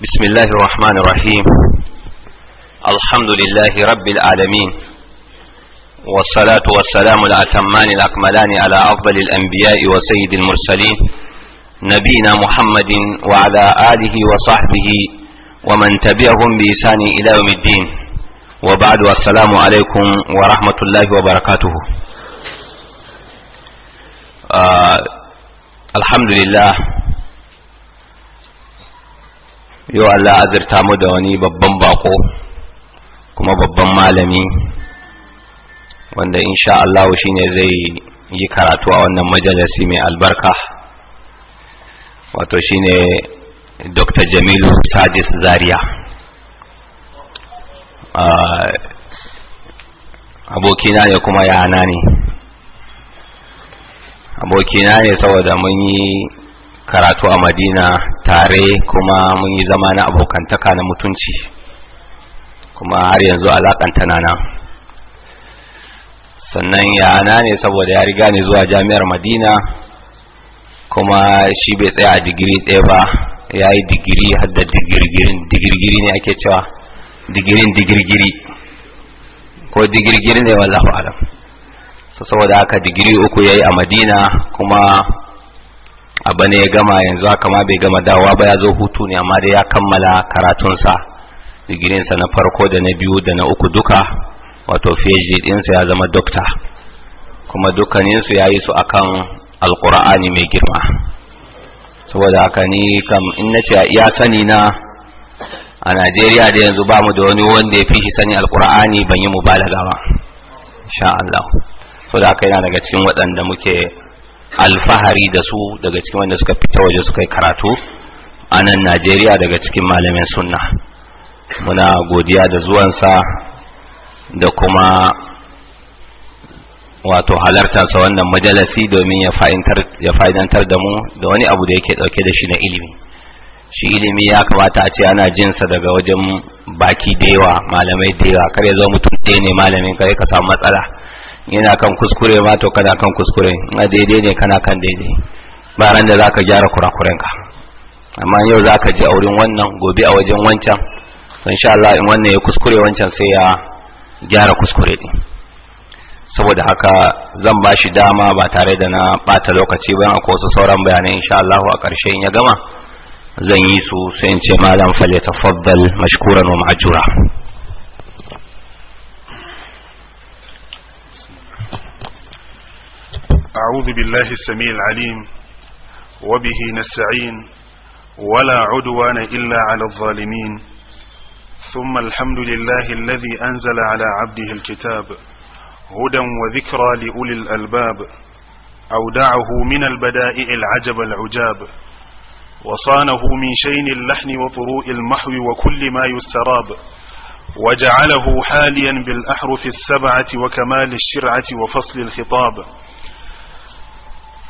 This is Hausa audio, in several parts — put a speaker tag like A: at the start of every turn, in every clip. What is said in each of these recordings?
A: بسم الله الرحمن الرحيم الحمد لله رب العالمين والصلاة والسلام الأتمان الأكملان على أفضل الأنبياء وسيد المرسلين نبينا محمد وعلى آله وصحبه ومن تبعهم بإحسان إلى يوم الدين وبعد والسلام عليكم ورحمة الله وبركاته آه الحمد لله yau Allah azurta mu da wani babban bako kuma babban malami wanda insha Allah shi ne zai yi karatu a wannan majalisi mai albarka wato shi ne Dr. Jamilu Sadis Zaria abokina ne kuma yana ne abokina ne saboda mun yi karatu a madina tare kuma mun yi zama na abokantaka na mutunci kuma har yanzu alakanta na nan sannan yana ne saboda ya riga ne zuwa jami'ar madina kuma shi bai tsaya a digiri ɗaya ba ya yi digiri hadda digirgiri ne ake cewa digirin digirgiri ko digirgiri ne wallahu alam saboda haka digiri uku ya yi a madina kuma a ne ya gama yanzu haka ma bai gama dawa ba ya zo hutu ne amma dai ya kammala karatunsa digirinsa na farko da na biyu da na uku duka wato phd ɗinsa ya zama dokta kuma dukkaninsu ya yi su akan alkur'ani mai girma saboda haka ni kam in na ce ya sani na a najeriya da yanzu ba mu da wani wanda ya fi shi sani alkur'ani ban yi mu ba insha Allah saboda haka yana daga cikin waɗanda muke alfahari da su daga cikin wanda suka fita waje suka yi karatu a nan najeriya daga cikin malamin sunna muna godiya da zuwansa da kuma wato halartarsa wannan majalasi domin ya fa'idantar da mu da wani abu da yake dauke da shi na ilimi shi ilimi ya kamata a ce ana jinsa daga wajen baki da yawa malamai da yawa kar ya zo mutum ɗaya ne malamin kare ka samu matsala yana kan kuskure ma to kana kan kuskure na daidai ne kana kan daidai ba ran da zaka gyara ka amma yau zaka ji a wurin wannan gobe a wajen wancan insha Allah in wannan ya kuskure wancan sai ya gyara kuskure din saboda haka zan ba shi dama ba tare da na bata lokaci ba akwai wasu sauran bayanai insha Allah a ƙarshen ya gama zan yi su sai in ce malam fale tafaddal mashkuran wa ma'jura
B: أعوذ بالله السميع العليم وبه نستعين ولا عدوان إلا على الظالمين ثم الحمد لله الذي أنزل على عبده الكتاب هدى وذكرى لأولي الألباب أودعه من البدائع العجب العجاب وصانه من شين اللحن وطروء المحو وكل ما يستراب وجعله حاليا بالأحرف السبعة وكمال الشرعة وفصل الخطاب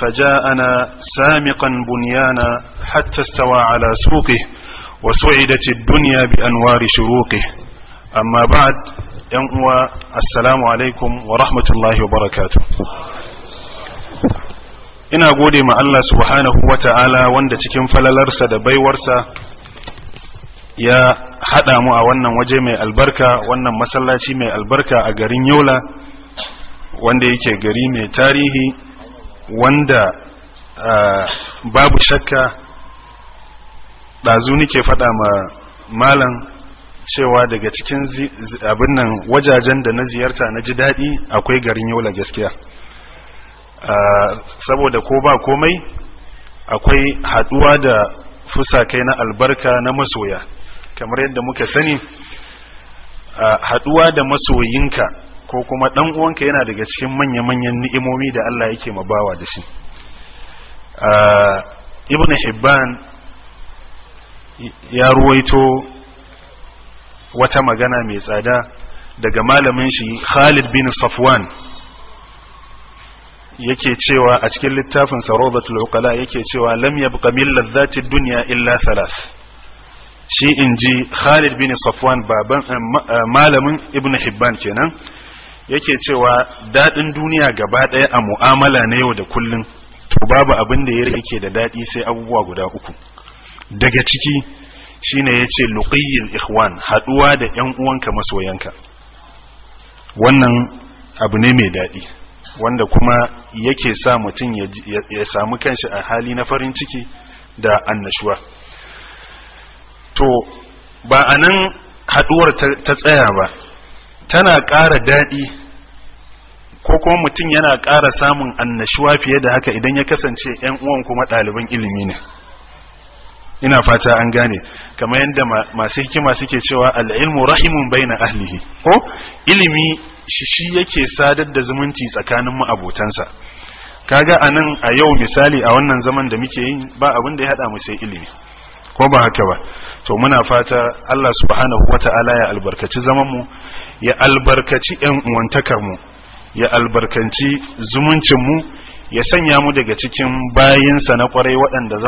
B: فجاءنا سامقا بنيانا حتى استوى على سوقه وسعدت الدنيا بأنوار شروقه أما بعد ينقوى السلام عليكم ورحمة الله وبركاته ina gode ma Allah subhanahu wa ta'ala wanda cikin falalarsa da baiwarsa ya haɗa mu a wannan waje mai albarka wannan masallaci mai albarka a garin yola wanda yake gari mai tarihi wanda babu shakka ɗazu nike faɗa ma malam cewa daga cikin abin nan wajajen da na ziyarta na ji daɗi akwai garin yola gaskiya saboda ko ba komai akwai haɗuwa da fusakai na albarka na masoya kamar yadda muka sani haɗuwa da masoyinka ko kuma dan uwanka yana daga cikin manya-manyan ni'imomi da Allah yake bawa da shi ah, ibn hibban ya ruwaito wata magana mai tsada daga malamin shi khalid bin safwan yake cewa a cikin littafin sarobatul uqala yake cewa lam yabqa min ladhati dunya illa thalath shi inji Khalid bin Safwan baban eh, eh, malamin Ibn Hibban kenan yake cewa daɗin duniya gaba ɗaya a mu'amala na yau da kullum to babu abin da ya rike da daɗi sai abubuwa guda uku daga ciki shine yace luqiyil ikhwan haɗuwa da yan uwanka masoyanka wannan abu ne mai daɗi wanda kuma yake sa mutum ya samu kanshi a hali na farin ciki da annashuwa to ba anan haduwar ta tsaya ba tana ƙara daɗi ko kuma mutum yana ƙara samun annashuwa fiye da haka idan ya kasance 'yan uwan kuma ɗaliban ilimi ne ina fata an gane kamar yadda masu hikima suke cewa al'ilmu rahimun na ahlihi ko ilimi shi shi yake sadar da zumunci tsakanin ma'abotansa kaga anan a yau misali a wannan zaman da muke yin ba abin da ya haɗa mu sai ilimi ko ba haka ba to muna fata Allah subhanahu wata'ala ya albarkaci zaman mu ya albarkaci ɗan uwantakar mu ya albarkanci zumuncin mu ya sanya mu daga cikin bayinsa na kwarai waɗanda